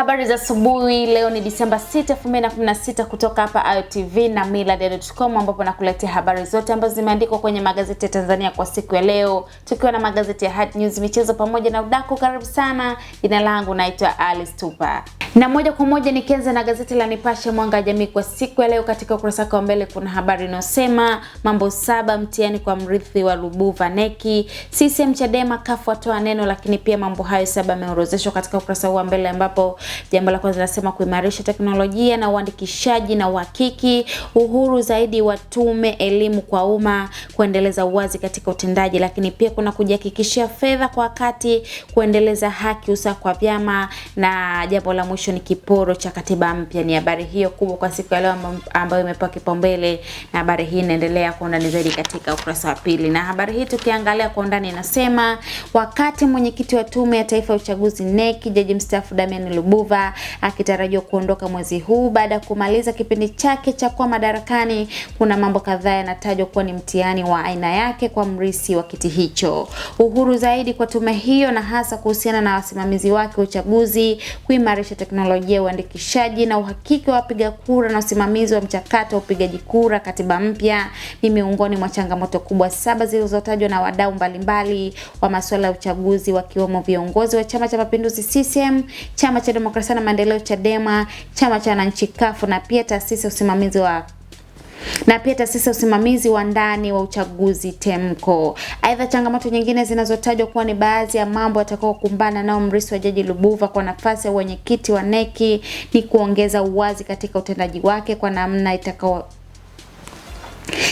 Habari za asubuhi. Leo ni Disemba 6, 2016 kutoka hapa Ayo TV na millardayo.com ambapo nakuletea habari zote ambazo zimeandikwa kwenye magazeti ya Tanzania kwa siku ya leo, tukiwa na magazeti ya Hard News, michezo pamoja na udaku. Karibu sana, jina langu naitwa Alice Tupa na moja kwa moja nikianza na gazeti la Nipashe Mwanga wa Jamii kwa siku ya leo, katika ukurasa wake wa mbele kuna habari inayosema mambo saba mtihani kwa mrithi wa Lubuva neki CCM Chadema kafu atoa neno, lakini pia mambo hayo saba yameorodheshwa katika ukurasa huu wa mbele ambapo Jambo la kwanza linasema kuimarisha teknolojia na uandikishaji na uhakiki, uhuru zaidi wa tume, elimu kwa umma, kuendeleza uwazi katika utendaji, lakini pia kuna kujihakikishia fedha kwa wakati, kuendeleza haki usawa kwa vyama, na jambo la mwisho ni kiporo cha katiba mpya. Ni habari hiyo kubwa kwa siku ya leo ambayo imepewa kipaumbele, na habari hii inaendelea kwa undani zaidi katika ukurasa wa pili. Na habari hii tukiangalia kwa undani inasema wakati mwenyekiti wa Tume ya Taifa ya Uchaguzi NEC, Jaji mstaafu Damian Lubu Lukuva akitarajiwa kuondoka mwezi huu baada ya kumaliza kipindi chake cha kuwa madarakani. Kuna mambo kadhaa yanatajwa kuwa ni mtihani wa aina yake kwa mrisi wa kiti hicho. Uhuru zaidi kwa tume hiyo, na hasa kuhusiana na wasimamizi wake wa uchaguzi, kuimarisha teknolojia ya uandikishaji na uhakiki wa wapiga kura na usimamizi wa mchakato wa upigaji kura, katiba mpya ni miongoni mwa changamoto kubwa saba zilizotajwa na wadau mbalimbali wa masuala ya uchaguzi, wakiwemo viongozi wa Chama cha Mapinduzi CCM, Chama cha Demokrasia na Maendeleo Chadema, chama cha wananchi kafu na pia taasisi ya usimamizi wa na pia taasisi ya usimamizi wa ndani wa uchaguzi TEMCO. Aidha, changamoto nyingine zinazotajwa kuwa ni baadhi ya mambo yatakayokumbana nao mrisi wa Jaji Lubuva kwa nafasi ya wenyekiti wa neki ni kuongeza uwazi katika utendaji wake kwa namna itakao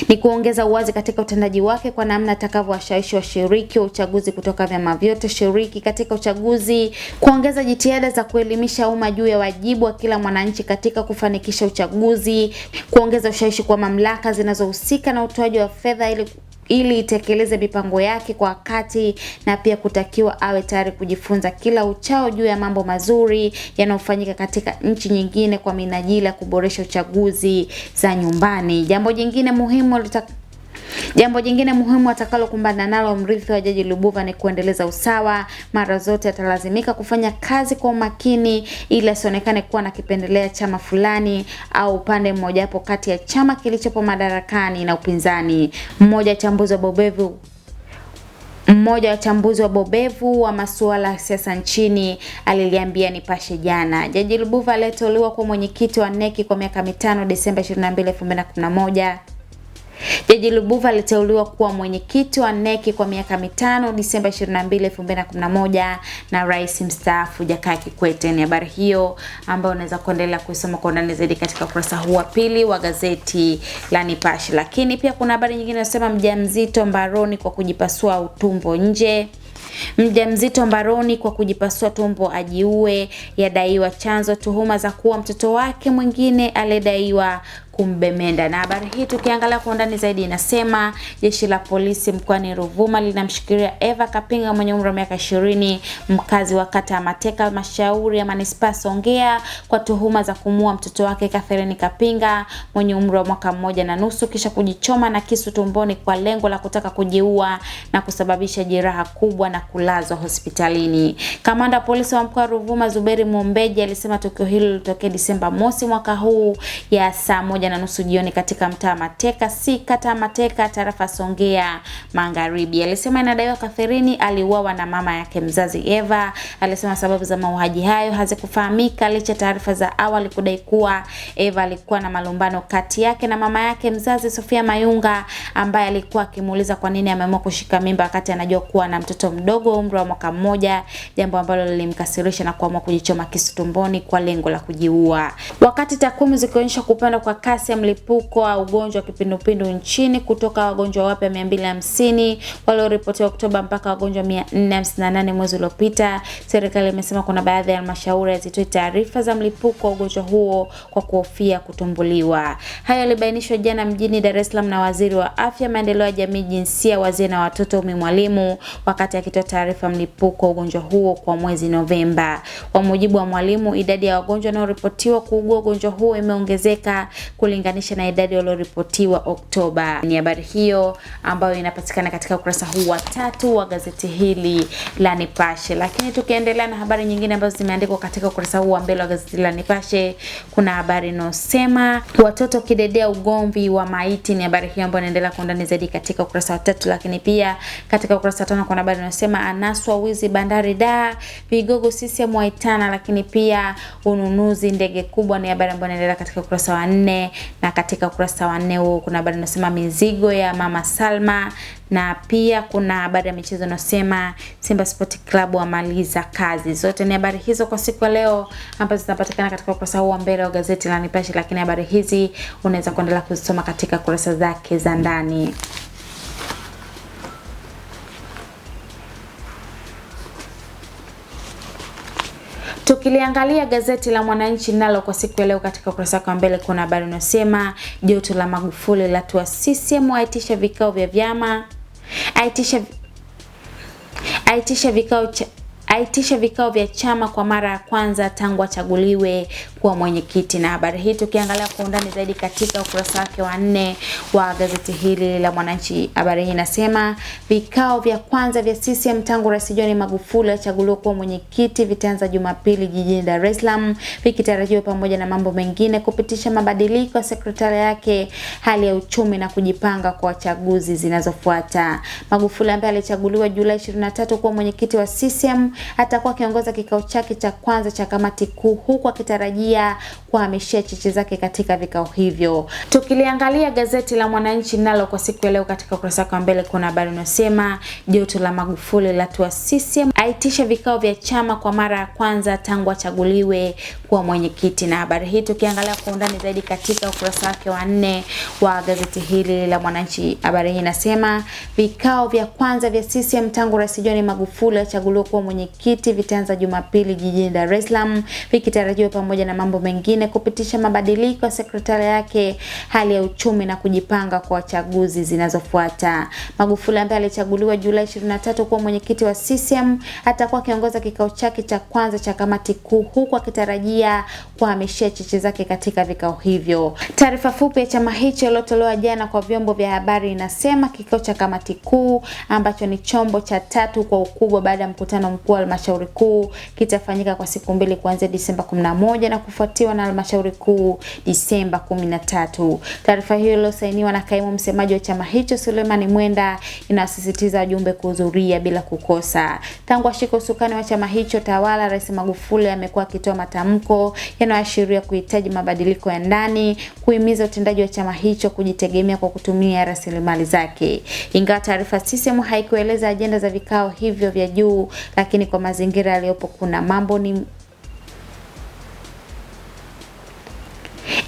ni kuongeza uwazi katika utendaji wake kwa namna atakavyowashawishi washiriki wa uchaguzi kutoka vyama vyote shiriki katika uchaguzi, kuongeza jitihada za kuelimisha umma juu ya wajibu wa kila mwananchi katika kufanikisha uchaguzi, kuongeza ushawishi kwa mamlaka zinazohusika na utoaji wa fedha ili ili itekeleze mipango yake kwa wakati na pia kutakiwa awe tayari kujifunza kila uchao juu ya mambo mazuri yanayofanyika katika nchi nyingine kwa minajili ya kuboresha uchaguzi za nyumbani. Jambo jingine muhimu Jambo jingine muhimu atakalokumbana nalo mrithi wa Jaji Lubuva ni kuendeleza usawa. Mara zote atalazimika kufanya kazi kwa umakini ili asionekane kuwa na kipendelea chama fulani au upande hapo kati ya chama kilichopo madarakani na upinzani. Mmoja chambuzi wa bobevu mmoja wa wachambuzi wa bobevu wa masuala ya siasa nchini aliliambia Nipashe jana. Jaji Lubuva aliyeteuliwa kuwa mwenyekiti wa NEC kwa miaka mitano Desemba 22, 2011 Jaji Lubuva aliteuliwa kuwa mwenyekiti wa NEC kwa miaka mitano Disemba 22, 2011 na rais mstaafu Jakaya Kikwete. Ni habari hiyo ambayo unaweza kuendelea kuisoma kwa undani zaidi katika ukurasa huu wa pili wa gazeti la Nipashe. Lakini pia kuna habari nyingine inasema mjamzito mbaroni kwa kujipasua utumbo nje mjamzito mbaroni kwa kujipasua tumbo ajiue, yadaiwa chanzo tuhuma za kuwa mtoto wake mwingine aliyedaiwa kumbemenda. Na habari hii tukiangalia kwa undani zaidi inasema jeshi la polisi mkoani Ruvuma linamshikilia Eva Kapinga mwenye umri wa miaka 20, mkazi wa kata ya Mateka halmashauri ya manispaa Songea kwa tuhuma za kumuua mtoto wake Catherine Kapinga mwenye umri wa mwaka mmoja na nusu kisha kujichoma na kisu tumboni kwa lengo la kutaka kujiua na kusababisha jeraha kubwa na kulazwa hospitalini. Kamanda wa polisi wa mkoa wa Ruvuma Zuberi Mombeji alisema tukio hilo lilitokea Disemba mosi mwaka huu ya saa moja moja na nusu jioni katika mtaa Mateka si kata Mateka, tarafa Songea Magharibi. Alisema inadaiwa Catherine aliuawa na mama yake mzazi Eva. Alisema sababu za mauaji hayo hazikufahamika licha taarifa za awali kudai kuwa Eva alikuwa na malumbano kati yake na mama yake mzazi Sofia Mayunga, ambaye alikuwa akimuuliza kwa nini ameamua kushika mimba wakati anajua kuwa na mtoto mdogo umri wa mwaka mmoja, jambo ambalo lilimkasirisha na kuamua kujichoma kisu tumboni kwa lengo la kujiua. Wakati takwimu zikionyesha kupanda kwa kasi kasi ya mlipuko wa ugonjwa wa kipindupindu nchini kutoka wagonjwa wapya 250 walioripotiwa Oktoba mpaka wagonjwa 458 mwezi uliopita. Serikali imesema kuna baadhi ya halmashauri hazitoi taarifa za mlipuko wa ugonjwa huo kwa kuhofia kutumbuliwa. Hayo yalibainishwa jana mjini Dar es Salaam na Waziri wa Afya, Maendeleo ya Jamii, Jinsia, Wazee na Watoto Umi Mwalimu wakati akitoa taarifa mlipuko wa ugonjwa huo kwa mwezi Novemba. Kwa mujibu wa Mwalimu, idadi ya wagonjwa wanaoripotiwa kuugua ugonjwa huo imeongezeka kulinganisha na idadi walioripotiwa Oktoba. Ni habari hiyo ambayo inapatikana katika ukurasa huu wa tatu wa gazeti hili la Nipashe. Lakini tukiendelea na habari nyingine ambazo zimeandikwa katika ukurasa huu wa mbele wa gazeti la Nipashe, kuna habari inayosema watoto kidedea ugomvi wa maiti. Ni habari hiyo ambayo inaendelea kwa undani zaidi katika ukurasa wa tatu, lakini pia katika ukurasa wa tano kuna habari inayosema anaswa wizi bandari da vigogo sisi mwaitana. lakini pia ununuzi ndege kubwa. Ni habari ambayo inaendelea katika ukurasa wa nne na katika ukurasa wa nne huo kuna habari inasema mizigo ya Mama Salma na pia kuna habari ya michezo inasema Simba Sport Club wamaliza kazi. Zote ni habari hizo kwa siku ya leo ambazo zinapatikana katika ukurasa huu wa mbele wa gazeti la Nipashe, lakini habari hizi unaweza kuendelea kuzisoma katika kurasa zake za ndani. Tukiliangalia gazeti la Mwananchi nalo kwa siku ya leo katika ukurasa wake wa mbele kuna habari inayosema joto la Magufuli la tua CCM aitisha vikao vya vyama aitisha aitisha vikao cha aitisha vikao vya chama kwa mara ya kwanza tangu achaguliwe kuwa mwenyekiti. Na habari hii tukiangalia kwa undani zaidi katika ukurasa wake wa nne wa gazeti hili la Mwananchi, habari hii inasema vikao vya kwanza vya CCM tangu Rais John Magufuli achaguliwe kuwa mwenyekiti vitaanza Jumapili jijini Dar es Salaam, vikitarajiwa pamoja na mambo mengine kupitisha mabadiliko ya sekretari yake, hali ya uchumi na kujipanga kwa chaguzi zinazofuata. Magufuli ambaye alichaguliwa Julai 23 kuwa mwenyekiti wa CCM atakuwa akiongoza kikao chake cha kwanza cha kamati kuu, huku akitarajia kuhamishia cheche zake katika vikao hivyo. Tukiliangalia gazeti la Mwananchi nalo kwa siku ya leo, katika ukurasa wake wa mbele kuna habari inayosema joto la Magufuli latua CCM, aitisha vikao vya chama kwa mara ya kwanza tangu achaguliwe kuwa mwenyekiti. Na habari hii tukiangalia kwa undani zaidi katika ukurasa wake wa nne wa gazeti hili la Mwananchi, habari hii inasema vikao vya kwanza vya CCM tangu Rais John Magufuli achaguliwe kuwa mwenyekiti mwenyekiti vitaanza Jumapili jijini Dar es Salaam, vikitarajiwa pamoja na mambo mengine kupitisha mabadiliko ya sekretari yake, hali ya uchumi na kujipanga kwa chaguzi zinazofuata. Magufuli ambaye alichaguliwa Julai 23 kuwa mwenyekiti wa CCM atakuwa akiongoza kikao chake cha kwanza cha kamati kuu, huku akitarajia kuhamishia cheche zake katika vikao hivyo. Taarifa fupi ya chama hicho iliyotolewa jana kwa vyombo vya habari inasema kikao cha kamati kuu ambacho ni chombo cha tatu kwa ukubwa baada ya mkutano mkuu wa halmashauri kuu kitafanyika kwa siku mbili kuanzia Disemba 11 na kufuatiwa na halmashauri kuu Disemba 13. Taarifa hiyo iliyosainiwa na kaimu msemaji wa chama hicho Sulemani Mwenda inasisitiza wajumbe kuhudhuria bila kukosa. Tangu ashike usukani wa chama hicho tawala, Rais Magufuli amekuwa akitoa matamko yanayoashiria kuhitaji mabadiliko ya ndani, kuhimiza utendaji wa chama hicho kujitegemea kwa kutumia rasilimali zake. Ingawa taarifa CCM haikueleza ajenda za vikao hivyo vya juu, lakini kwa mazingira yaliyopo. Kuna mambo ni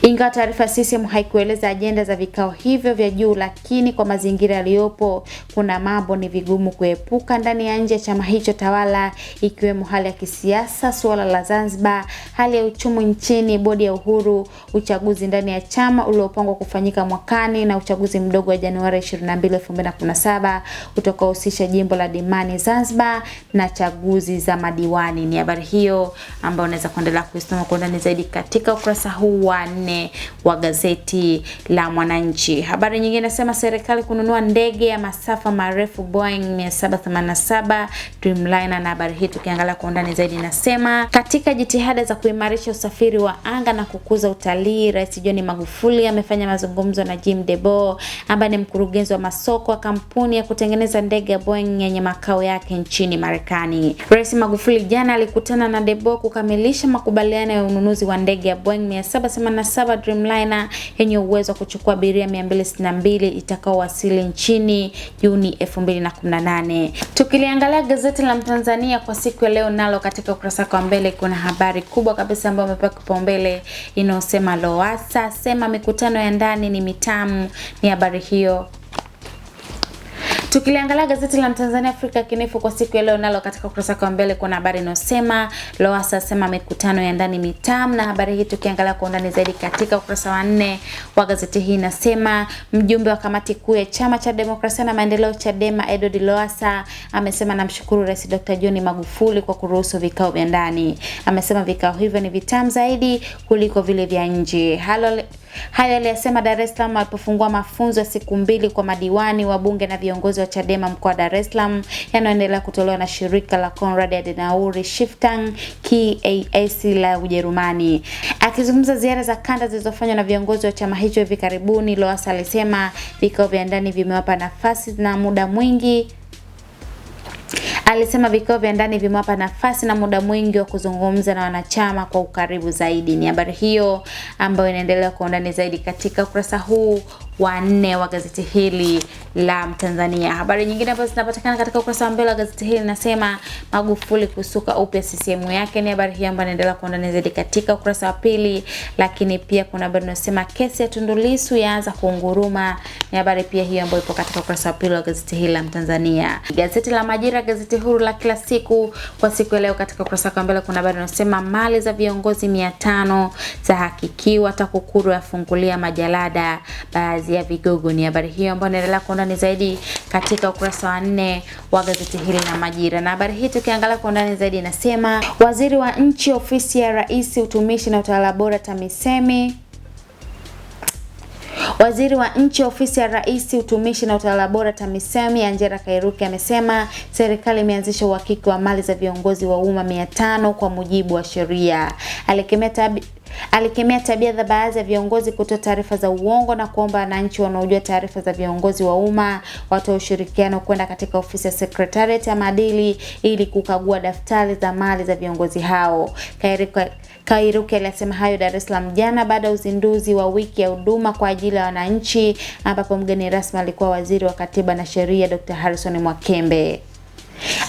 Ingawa taarifa CCM haikueleza ajenda za vikao hivyo vya juu, lakini kwa mazingira yaliyopo, kuna mambo ni vigumu kuepuka ndani ya nje ya chama hicho tawala, ikiwemo hali ya kisiasa, suala la Zanzibar, hali ya uchumi nchini, bodi ya uhuru, uchaguzi ndani ya chama uliopangwa kufanyika mwakani na uchaguzi mdogo wa Januari 22, 2017 utakaohusisha jimbo la Dimani Zanzibar na chaguzi za madiwani. Ni habari hiyo ambayo unaweza kuendelea kuisoma kwa undani zaidi katika ukurasa huu wa nne wa gazeti la Mwananchi. Habari nyingine nasema serikali kununua ndege ya masafa marefu Boeing 787 Dreamliner, na habari hii tukiangalia kwa undani zaidi nasema katika jitihada za kuimarisha usafiri wa anga na kukuza utalii, Rais John Magufuli amefanya mazungumzo na Jim Debo ambaye ni mkurugenzi wa masoko wa kampuni ya kutengeneza ndege ya Boeing yenye makao yake nchini Marekani. Rais Magufuli jana alikutana na Debo kukamilisha makubaliano ya ununuzi wa ndege ya Boeing 787 saba Dreamliner yenye uwezo wa kuchukua abiria 262 itakaowasili nchini Juni 2018. Tukiliangalia gazeti la Mtanzania kwa siku ya leo, nalo katika ukurasa kwa mbele kuna habari kubwa kabisa ambayo imepewa kipaumbele inayosema Lowassa sema mikutano ya ndani ni mitamu, ni habari hiyo Tukiliangalia gazeti la Mtanzania Afrika Kinifu kwa siku ya leo, nalo katika ukurasa wa mbele kuna habari inayosema Lowassa asema mikutano ya ndani mitamu, na habari hii tukiangalia kwa undani zaidi katika ukurasa wa nne wa gazeti hii inasema mjumbe wa kamati kuu ya chama cha demokrasia na maendeleo Chadema Edward Lowassa amesema namshukuru Rais Dr. John Magufuli kwa kuruhusu vikao vya ndani. Amesema vikao hivyo ni vitamu zaidi kuliko vile vya nje. Hayo aliyasema Dar es Salaam alipofungua mafunzo ya siku mbili kwa madiwani wa bunge na viongozi wa Chadema mkoa wa Dar es Salaam yanayoendelea kutolewa na shirika la Konrad Adenauer Stiftung KAS la Ujerumani. Akizungumza ziara za kanda zilizofanywa na viongozi wa chama hicho hivi karibuni, Lowassa alisema vikao vya ndani vimewapa nafasi na muda mwingi Alisema vikao vya ndani vimewapa nafasi na muda mwingi wa kuzungumza na wanachama kwa ukaribu zaidi. Ni habari hiyo ambayo inaendelea kwa undani zaidi katika ukurasa huu wa nne wa gazeti hili la Mtanzania. Habari nyingine ambazo zinapatikana katika ukurasa wa mbele wa gazeti hili nasema Magufuli kusuka upya CCM yake, ni habari hii ambayo inaendelea kwa undani zaidi katika ukurasa wa pili, lakini pia kuna habari inasema kesi ya Tundu Lissu yaanza kunguruma, ni habari pia hiyo ambayo ipo katika ukurasa wa pili wa gazeti hili la Mtanzania. Gazeti la Majira, gazeti huru la kila siku, kwa siku ya leo katika ukurasa wa mbele kuna habari inasema mali za viongozi 500 za hakikiwa, TAKUKURU yafungulia majalada baadhi ya vigogo. Ni habari hiyo ambayo inaendelea kwa undani zaidi katika ukurasa wa nne wa gazeti hili la Majira, na habari hii tukiangalia kwa undani zaidi inasema waziri wa nchi ofisi ya rais utumishi na utawala bora TAMISEMI Waziri wa nchi ofisi ya rais utumishi na utawala bora TAMISEMI Anjera Kairuki amesema serikali imeanzisha uhakiki wa mali za viongozi wa umma 500 kwa mujibu wa sheria. Alikemea Alikemea tabia za baadhi ya viongozi kutoa taarifa za uongo na kuomba wananchi wanaojua taarifa za viongozi wa umma watoe ushirikiano kwenda katika ofisi ya Secretariat ya maadili ili kukagua daftari za mali za viongozi hao. Kairuki alisema hayo Dar es Salaam jana baada ya uzinduzi wa wiki ya huduma kwa ajili ya wananchi ambapo mgeni rasmi alikuwa Waziri wa Katiba na Sheria Dr. Harrison mwakembe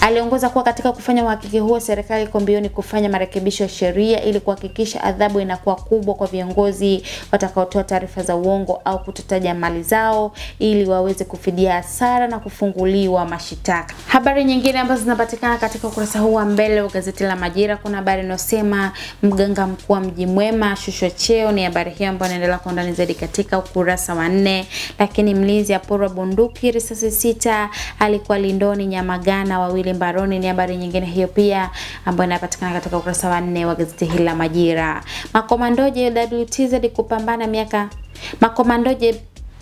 Aliongoza kuwa katika kufanya uhakiki huo, serikali iko mbioni kufanya marekebisho ya sheria ili kuhakikisha adhabu inakuwa kubwa kwa viongozi watakaotoa taarifa za uongo au kutotaja mali zao ili waweze kufidia hasara na kufunguliwa mashitaka. Habari nyingine ambazo zinapatikana katika ukurasa huu wa mbele wa gazeti la Majira, kuna habari inayosema mganga mkuu wa Mji Mwema ashushwa cheo. Ni habari hiyo ambayo inaendelea kwa undani zaidi katika ukurasa wa nne. Lakini mlinzi aporwa bunduki risasi sita, alikuwa Lindoni Nyamagana wawili mtilieni mbaroni. Ni habari nyingine hiyo pia ambayo inapatikana katika ukurasa wa nne wa gazeti hili la Majira. Makomando JWTZ kupambana miaka makomando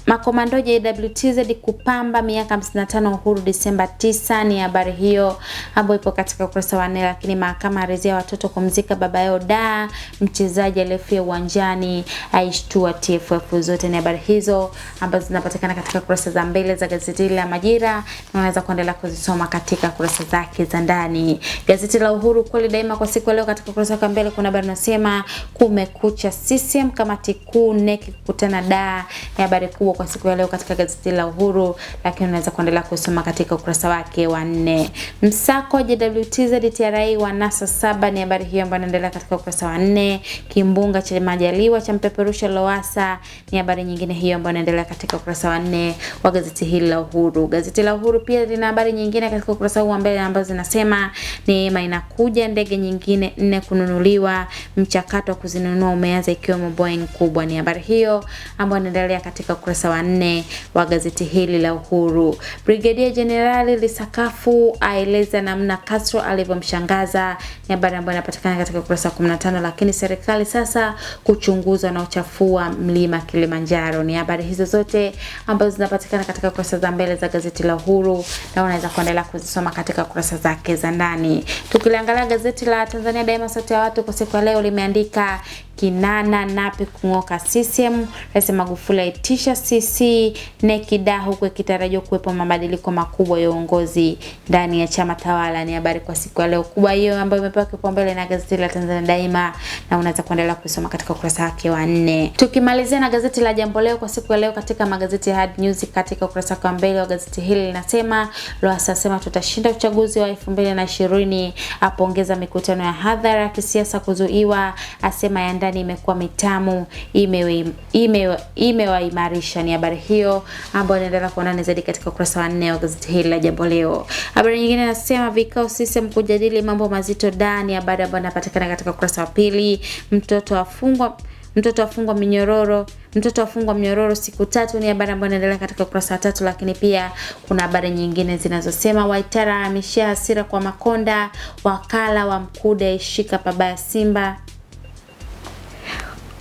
Makomando JWTZ kupamba miaka 55 uhuru Disemba 9 ni habari hiyo ambayo ipo katika ukurasa wa nne. Lakini mahakama arezia watoto kumzika baba yao da mchezaji aliyefia uwanjani aishtua TFF. Zote ni habari hizo ambazo zinapatikana katika kurasa za mbele za gazeti la Majira na unaweza kuendelea kuzisoma katika kurasa zake za ndani. Gazeti la Uhuru kweli daima kwa siku leo, katika kurasa za mbele kuna habari nasema, kumekucha, CCM kamati kuu neki kukutana da, ni habari kuu huo kwa siku ya leo katika gazeti la Uhuru, lakini unaweza kuendelea kusoma katika ukurasa wake wa nne. Msako wa JWTZ TRA NASA saba ni habari hiyo ambayo inaendelea katika ukurasa wa nne. Kimbunga cha Majaliwa cha mpeperusha Lowassa ni habari nyingine hiyo ambayo inaendelea katika ukurasa wa nne wa gazeti hili la Uhuru. Gazeti la Uhuru pia lina habari nyingine katika ukurasa huu wa mbele ambazo zinasema neema inakuja, ndege nyingine nne kununuliwa, mchakato wa kuzinunua umeanza ikiwemo Boeing kubwa. Ni habari hiyo ambayo inaendelea katika ukurasa ukurasa wa nne wa gazeti hili la Uhuru. Brigedia Jenerali Lisakafu aeleza namna Castro alivyomshangaza, ni habari ambayo inapatikana katika ukurasa wa 15. Lakini serikali sasa kuchunguza na uchafua mlima Kilimanjaro, ni habari hizo zote ambazo zinapatikana katika kurasa za mbele za gazeti la Uhuru na unaweza kuendelea kuzisoma katika kurasa zake za ndani. Tukiliangalia gazeti la Tanzania Daima, sauti ya watu, kwa siku ya leo limeandika Kinana Nape kung'oka CCM, Rais Magufuli aitisha CC Nekida, da huku ikitarajiwa kuwepo mabadiliko makubwa ya uongozi ndani ya chama tawala. Ni habari kwa siku ya leo kubwa hiyo ambayo imepewa kipaumbele na gazeti la Tanzania Daima na unaweza kuendelea kusoma katika ukurasa wake wa nne. Tukimalizia na gazeti la Jambo Leo kwa siku ya leo katika magazeti Hard News, katika ukurasa wa mbele wa gazeti hili linasema Lowassa asema tutashinda uchaguzi wa 2020, apongeza mikutano ya hadhara ya kisiasa kuzuiwa, asema ya ndani ndani imekuwa mitamu, imewaimarisha. Ni habari hiyo ambayo inaendelea kwa ndani zaidi katika ukurasa wa nne wa gazeti hili la Jambo Leo. Habari nyingine nasema vikao sisem kujadili mambo mazito ndani, habari ambayo inapatikana katika ukurasa wa pili. Mtoto afungwa mtoto afungwa minyororo mtoto afungwa mnyororo siku tatu, ni habari ambayo inaendelea katika ukurasa wa tatu. Lakini pia kuna habari nyingine zinazosema Waitara ameshia hasira kwa Makonda, wakala wa Mkude shika pabaya Simba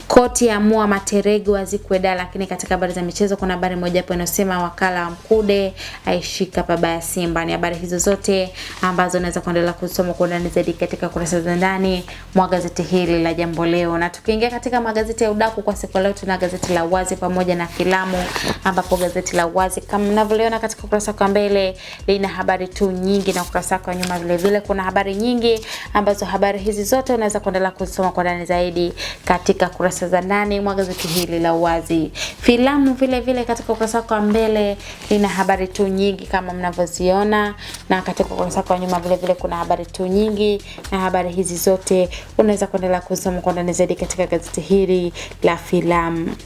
Koti ya mua Materego azikweda. Lakini katika habari za michezo kuna habari moja hapo inasema wakala wa Mkude aishika pabaya Simba. Ni habari hizo zote ambazo unaweza kuendelea kusoma kwa undani zaidi katika kurasa za ndani mwa gazeti hili la Jambo Leo, na tukiingia katika magazeti ya udaku kwa siku leo, tuna gazeti la Uwazi pamoja na Filamu, ambapo gazeti la Wazi kama mnavyoliona katika ukurasa wa mbele lina habari tu nyingi, na ukurasa wa nyuma vile vile kuna habari nyingi ambazo habari hizi zote unaweza kuendelea kusoma kwa ndani zaidi katika kurasa kurasa za ndani mwa gazeti hili la Uwazi. Filamu vile vile katika ukurasa wa mbele lina habari tu nyingi kama mnavyoziona, na katika ukurasa wa nyuma vile vile kuna habari tu nyingi, na habari hizi zote unaweza kuendelea kusoma kwa ndani zaidi katika gazeti hili la filamu.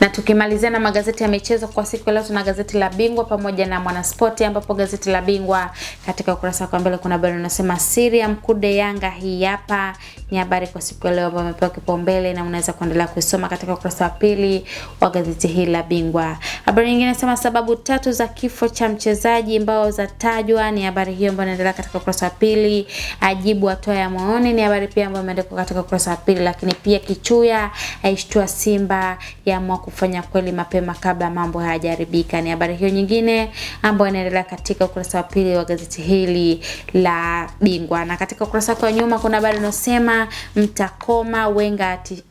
Na tukimalizia na magazeti ya michezo kwa siku leo, tuna gazeti la Bingwa pamoja na Mwanaspoti, ambapo gazeti la Bingwa katika ukurasa wa mbele kuna habari unasema siri ya mkude Yanga hii hapa. Ni habari kwa siku leo ambayo imepewa kipaumbele na unaweza kuendelea kusoma katika ukurasa wa pili wa gazeti hili la Bingwa. Habari nyingine inasema sababu tatu za kifo cha mchezaji ambao zatajwa. Ni habari hiyo ambayo inaendelea katika ukurasa wa pili. Ajibu atoa ya maoni, ni habari pia ambayo imeandikwa katika ukurasa wa pili. Lakini pia Kichuya aishtua Simba ya mwaka kufanya kweli mapema kabla mambo hayajaribika. Ni habari hiyo nyingine ambayo inaendelea katika ukurasa wa pili wa gazeti hili la Bingwa, na katika ukurasa wake wa nyuma kuna habari inayosema mtakoma Wenga ati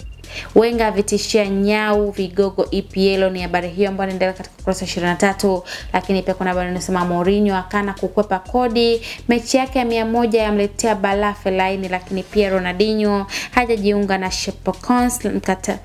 Wenga vitishia nyau vigogo EPL. Ni habari hiyo ambayo inaendelea katika ukurasa 23, lakini pia kuna habari inasema Mourinho akana kukwepa kodi, mechi yake ya mia moja yamletea balaa Fellaini, lakini pia Ronaldinho hajajiunga na Shepherd Cons mkata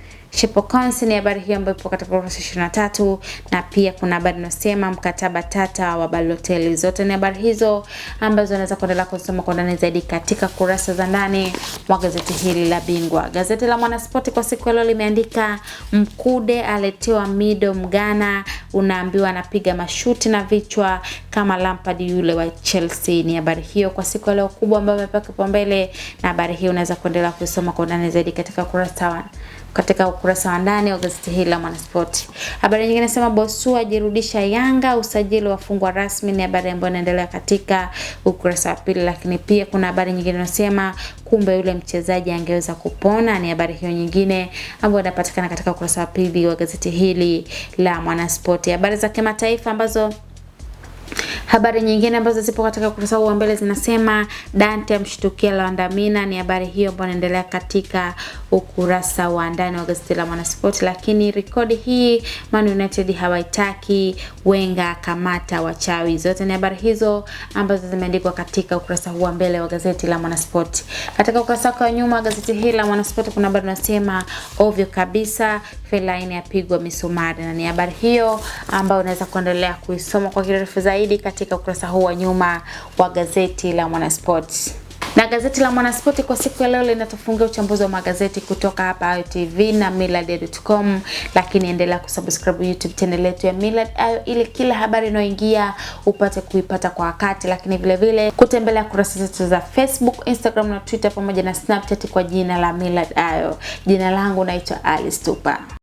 Council ni habari hiyo ambayo ipo katika ukurasa 23 na pia kuna habari inasema mkataba tata wa Balotelli. Zote ni habari hizo ambazo unaweza kuendelea kusoma kwa ndani zaidi katika kurasa za ndani wa gazeti hili la Bingwa. Gazeti la Mwanaspoti kwa siku ya leo limeandika Mkude aletewa Mido Mgana, unaambiwa anapiga mashuti na vichwa kama Lampard yule wa Chelsea. Ni habari hiyo kwa siku ya leo kubwa ambayo imepewa kipaumbele, na habari hii unaweza kuendelea kusoma kwa ndani zaidi katika kurasa wa katika ukurasa wa ndani wa gazeti hili la Mwanaspoti. Habari nyingine inasema Bosua ajirudisha Yanga, usajili wafungwa rasmi, ni habari ambayo inaendelea katika ukurasa wa pili, lakini pia kuna habari nyingine inasema kumbe yule mchezaji angeweza kupona, ni habari hiyo nyingine ambayo inapatikana katika ukurasa wa pili wa gazeti hili la Mwanaspoti. Habari za kimataifa ambazo Habari nyingine ambazo zipo katika ukurasa huu wa mbele zinasema Dante amshtukia Lwandamina. Ni habari hiyo ambayo inaendelea katika ukurasa wa ndani wa gazeti la Mwanaspoti, lakini rekodi hii Man United hawaitaki Wenga, kamata wachawi. Zote ni habari hizo ambazo zimeandikwa katika ukurasa huu wa mbele wa gazeti la Mwanaspoti. Katika ukurasa wa nyuma wa gazeti hili la Mwanaspoti kuna habari inasema ovyo kabisa Fellaini apigwa misumari, na ni habari hiyo ambayo unaweza kuendelea kuisoma kwa kirefu zaidi katika ukurasa huu wa nyuma wa gazeti la Mwanaspoti na gazeti la Mwanaspoti kwa siku ya leo linatufungia uchambuzi wa magazeti kutoka hapa Ayo TV na millardayo.com, lakini endelea kusubscribe YouTube channel yetu ya Millard Ayo ili kila habari inayoingia upate kuipata kwa wakati, lakini vile vile kutembelea kurasa zetu za Facebook, Instagram na Twitter pamoja na Snapchat kwa jina la Millard Ayo. Jina langu naitwa Alice Tupa.